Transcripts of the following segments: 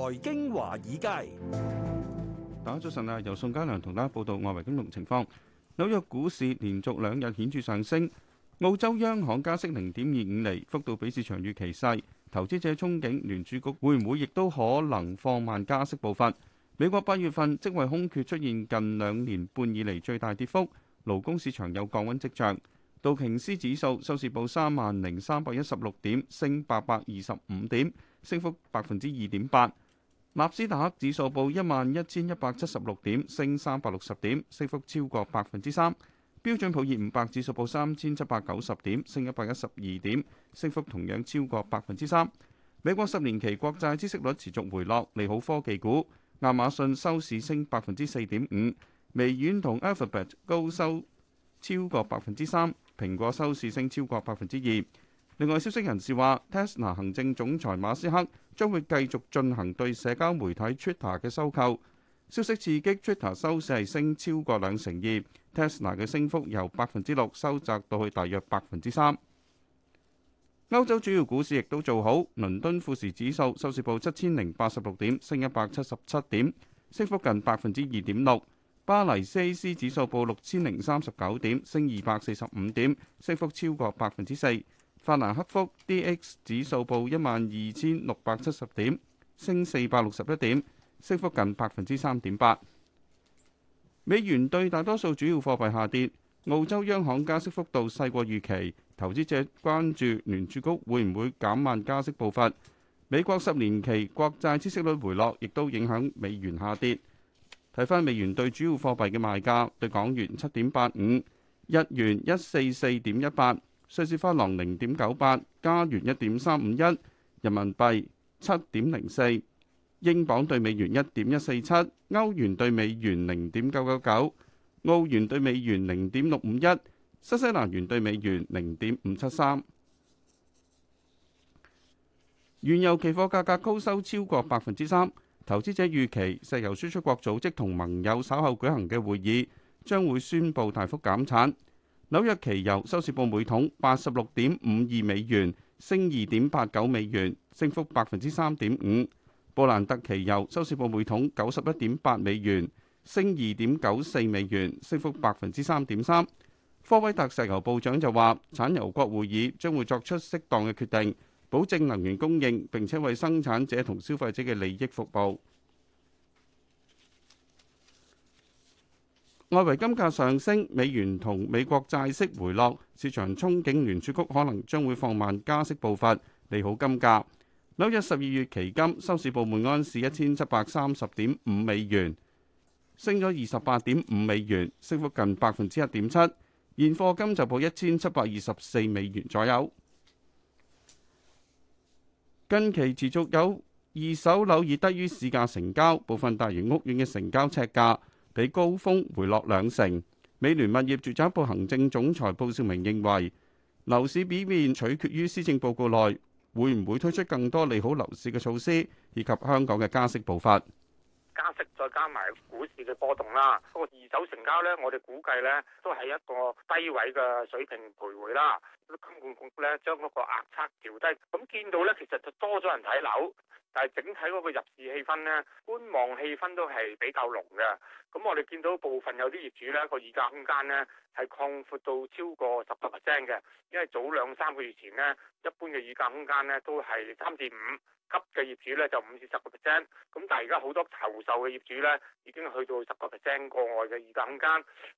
財經華爾街，大家早晨啊！由宋嘉良同大家報道外圍金融情況。紐約股市連續兩日顯著上升。澳洲央行加息零點二五厘，幅度比市場預期細。投資者憧憬聯儲局會唔會亦都可能放慢加息步伐。美國八月份職位空缺出現近兩年半以嚟最大跌幅，勞工市場有降溫跡象。道瓊斯指數收市報三萬零三百一十六點，升八百二十五點，升幅百分之二點八。納斯達克指數報一萬一千一百七十六點，升三百六十點，升幅超過百分之三。標準普爾五百指數報三千七百九十點，升一百一十二點，升幅同樣超過百分之三。美國十年期國債孳息率持續回落，利好科技股。亞馬遜收市升百分之四點五，微軟同 Alphabet 高收超過百分之三，蘋果收市升超過百分之二。另外，消息人士話，Tesla 行政總裁馬斯克將會繼續進行對社交媒體 Twitter 嘅收購。消息刺激 Twitter 收市係升超過兩成二，Tesla 嘅升幅由百分之六收窄到去大約百分之三。歐洲主要股市亦都做好，倫敦富時指數收市報七千零八十六點，升一百七十七點，升幅近百分之二點六。巴黎 CAC 指數報六千零三十九點，升二百四十五點，升幅超過百分之四。法蘭克福 DAX 指數報一萬二千六百七十點，升四百六十一點，升幅近百分之三點八。美元對大多數主要貨幣下跌，澳洲央行加息幅度細過預期，投資者關注聯儲局會唔會減慢加息步伐。美國十年期國債孳息率回落，亦都影響美元下跌。睇翻美元對主要貨幣嘅賣價，對港元七點八五，日元一四四點一八。瑞士法郎零點九八，加元一點三五一，人民幣七點零四，英鎊兌美元一點一四七，歐元兌美元零點九九九，澳元兌美元零點六五一，新西蘭元兌美元零點五七三。原油期貨價格高收超過百分之三，投資者預期石油輸出國組織同盟友稍後舉行嘅會議將會宣佈大幅減產。紐約期油收市報每桶八十六點五二美元，升二點八九美元，升幅百分之三點五。布蘭特期油收市報每桶九十一點八美元，升二點九四美元，升幅百分之三點三。科威特石油部長就話，產油國會議將會作出適當嘅決定，保證能源供應，並且為生產者同消費者嘅利益服務。外圍金價上升，美元同美國債息回落，市場憧憬聯儲局可能將會放慢加息步伐，利好金價。紐約十二月期金收市報每安士一千七百三十點五美元，升咗二十八點五美元，升幅近百分之一點七。現貨金就報一千七百二十四美元左右。近期持續有二手樓以低於市價成交，部分大型屋苑嘅成交尺價。比高峰回落兩成。美聯物業住宅部行政總裁布少明認為，樓市表現取決於施政報告內會唔會推出更多利好樓市嘅措施，以及香港嘅加息步伐。加息再加埋股市嘅波動啦。走成交呢，我哋估計呢都係一個低位嘅水平徘徊啦。金管局呢將嗰個壓測調低，咁見到呢其實就多咗人睇樓，但係整體嗰個入市氣氛呢，觀望氣氛都係比較濃嘅。咁我哋見到部分有啲業主呢個議價空間呢係擴闊到超過十八 percent 嘅，因為早兩三個月前呢，一般嘅議價空間呢都係三至五。急嘅業主咧就五至十個 percent，咁但係而家好多投售嘅業主咧已經去到十個 percent 過外嘅議價空間，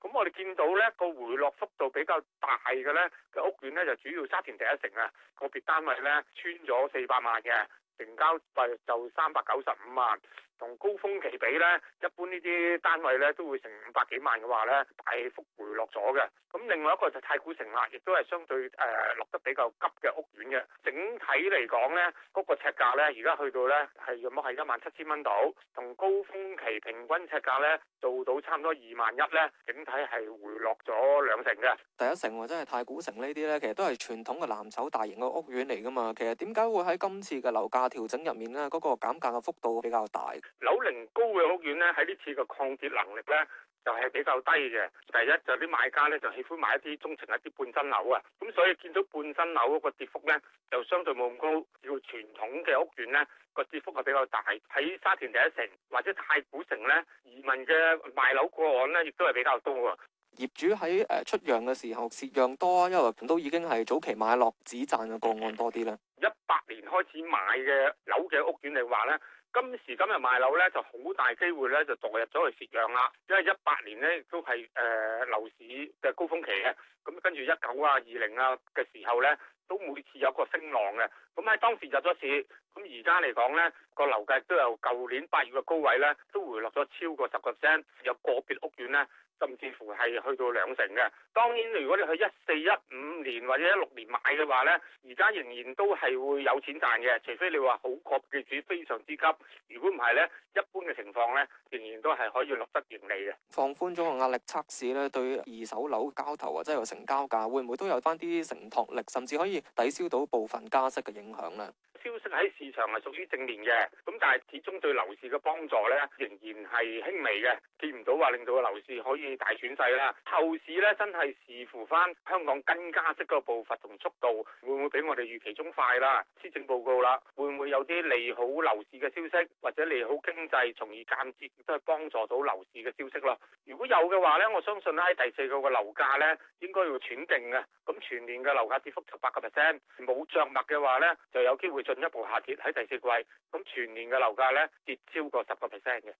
咁我哋見到咧、嗰個回落幅度比較大嘅咧嘅屋苑咧就主要沙田第一城啊，個別單位咧穿咗四百萬嘅成交價，就三百九十五萬。同高峰期比咧，一般呢啲單位咧都會成五百幾萬嘅話咧，大幅回落咗嘅。咁另外一個就太古城啦，亦都係相對誒、呃、落得比較急嘅屋苑嘅。整體嚟講咧，嗰、那個尺價咧，而家去到咧係冇係一萬七千蚊度，同高峰期平均尺價咧做到差唔多二萬一咧，整體係回落咗兩成嘅。第一城或者係太古城呢啲咧，其實都係傳統嘅藍籌大型嘅屋苑嚟㗎嘛。其實點解會喺今次嘅樓價調整入面咧，嗰、那個減價嘅幅度比較大？樓齡高嘅屋苑咧，喺呢次嘅抗跌能力咧就係、是、比較低嘅。第一就啲、是、買家咧就喜歡買一啲中層一啲半新樓啊，咁所以見到半新樓嗰個跌幅咧就相對冇咁高，而傳統嘅屋苑咧個跌幅係比較大。喺沙田第一城或者太古城咧，移民嘅賣樓個案咧亦都係比較多。業主喺誒出讓嘅時候蝕讓多，因為都已經係早期買落止賺嘅個案多啲啦。一八年開始買嘅樓嘅屋苑嚟話咧，今時今日賣樓咧就好大機會咧就墮入咗去蝕讓啦。因為一八年咧亦都係誒、呃、樓市嘅高峰期嘅，咁跟住一九啊、二零啊嘅時候咧，都每次有個升浪嘅。咁喺當時入咗市，咁而家嚟講咧個樓價都由舊年八月嘅高位咧，都回落咗超過十個 percent，有個別屋苑咧。甚至乎係去到兩成嘅。當然，如果你去一四、一五年或者一六年買嘅話呢，而家仍然都係會有錢賺嘅。除非你話好確嘅主非常之急，如果唔係呢，一般嘅情況呢，仍然都係可以錄得盈利嘅。放寬咗個壓力測試呢，對二手樓交投，或者有成交價，會唔會都有翻啲承托力，甚至可以抵消到部分加息嘅影響呢？消息喺市場係屬於正面嘅，咁但係始終對樓市嘅幫助咧仍然係輕微嘅，見唔到話令到個樓市可以大轉勢啦。後市咧真係視乎翻香港跟加息嘅步伐同速度，會唔會比我哋預期中快啦？施政報告啦，會唔會有啲利好樓市嘅消息，或者利好經濟，從而間接都係幫助到樓市嘅消息啦？如果有嘅話呢，我相信喺第四季嘅樓價咧應該會喘定嘅。咁全年嘅樓價跌幅十八個 percent，冇着墨嘅話呢，就有機會。進一步下跌喺第四季，咁全年嘅樓價呢，跌超過十個 percent 嘅。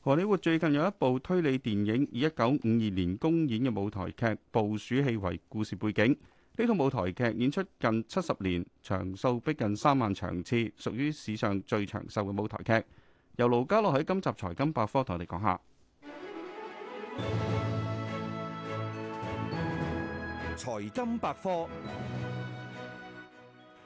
荷里活最近有一部推理電影，以一九五二年公演嘅舞台劇《捕鼠器》為故事背景。呢套舞台劇演出近七十年，場數逼近三萬場次，屬於史上最長壽嘅舞台劇。由盧家樂喺今集財金百科同我哋講下。財金百科。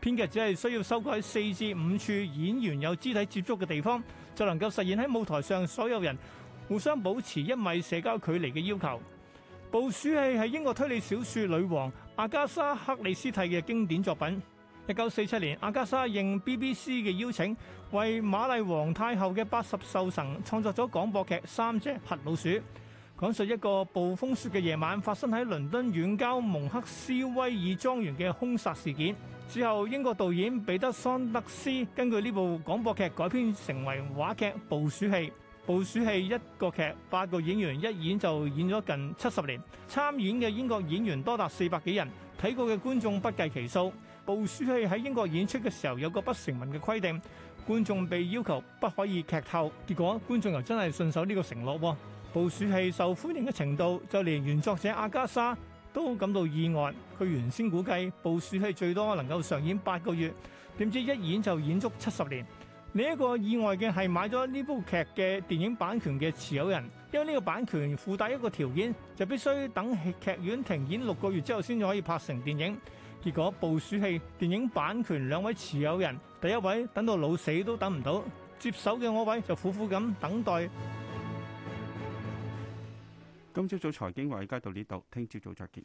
編劇只係需要修改四至五處演員有肢體接觸嘅地方，就能夠實現喺舞台上所有人互相保持一米社交距離嘅要求。《捕鼠器》係英國推理小説女王阿加莎·克里斯蒂嘅經典作品。一九四七年，阿加莎應 BBC 嘅邀請，為瑪麗皇太后嘅八十壽辰創作咗廣播劇《三隻黑老鼠》，講述一個暴風雪嘅夜晚發生喺倫敦遠郊蒙克斯威爾莊園嘅兇殺事件。之後，英國導演彼得桑德斯根據呢部廣播劇改編成為話劇《捕鼠器》。《捕鼠器》一個劇，八個演員一演就演咗近七十年，參演嘅英國演員多達四百幾人，睇過嘅觀眾不計其數。《捕鼠器》喺英國演出嘅時候有個不成文嘅規定，觀眾被要求不可以劇透，結果觀眾又真係信守呢個承諾。《捕鼠器》受歡迎嘅程度，就連原作者阿加莎。都感到意外，佢原先估計捕鼠器最多能夠上演八個月，點知一演就演足七十年。另一個意外嘅係買咗呢部劇嘅電影版權嘅持有人，因為呢個版權附帶一個條件，就必須等戲劇院停演六個月之後先至可以拍成電影。結果捕鼠器電影版權兩位持有人，第一位等到老死都等唔到，接手嘅 𠮶 位就苦苦咁等待。今朝早財經華爾街到呢度，聽朝早再見。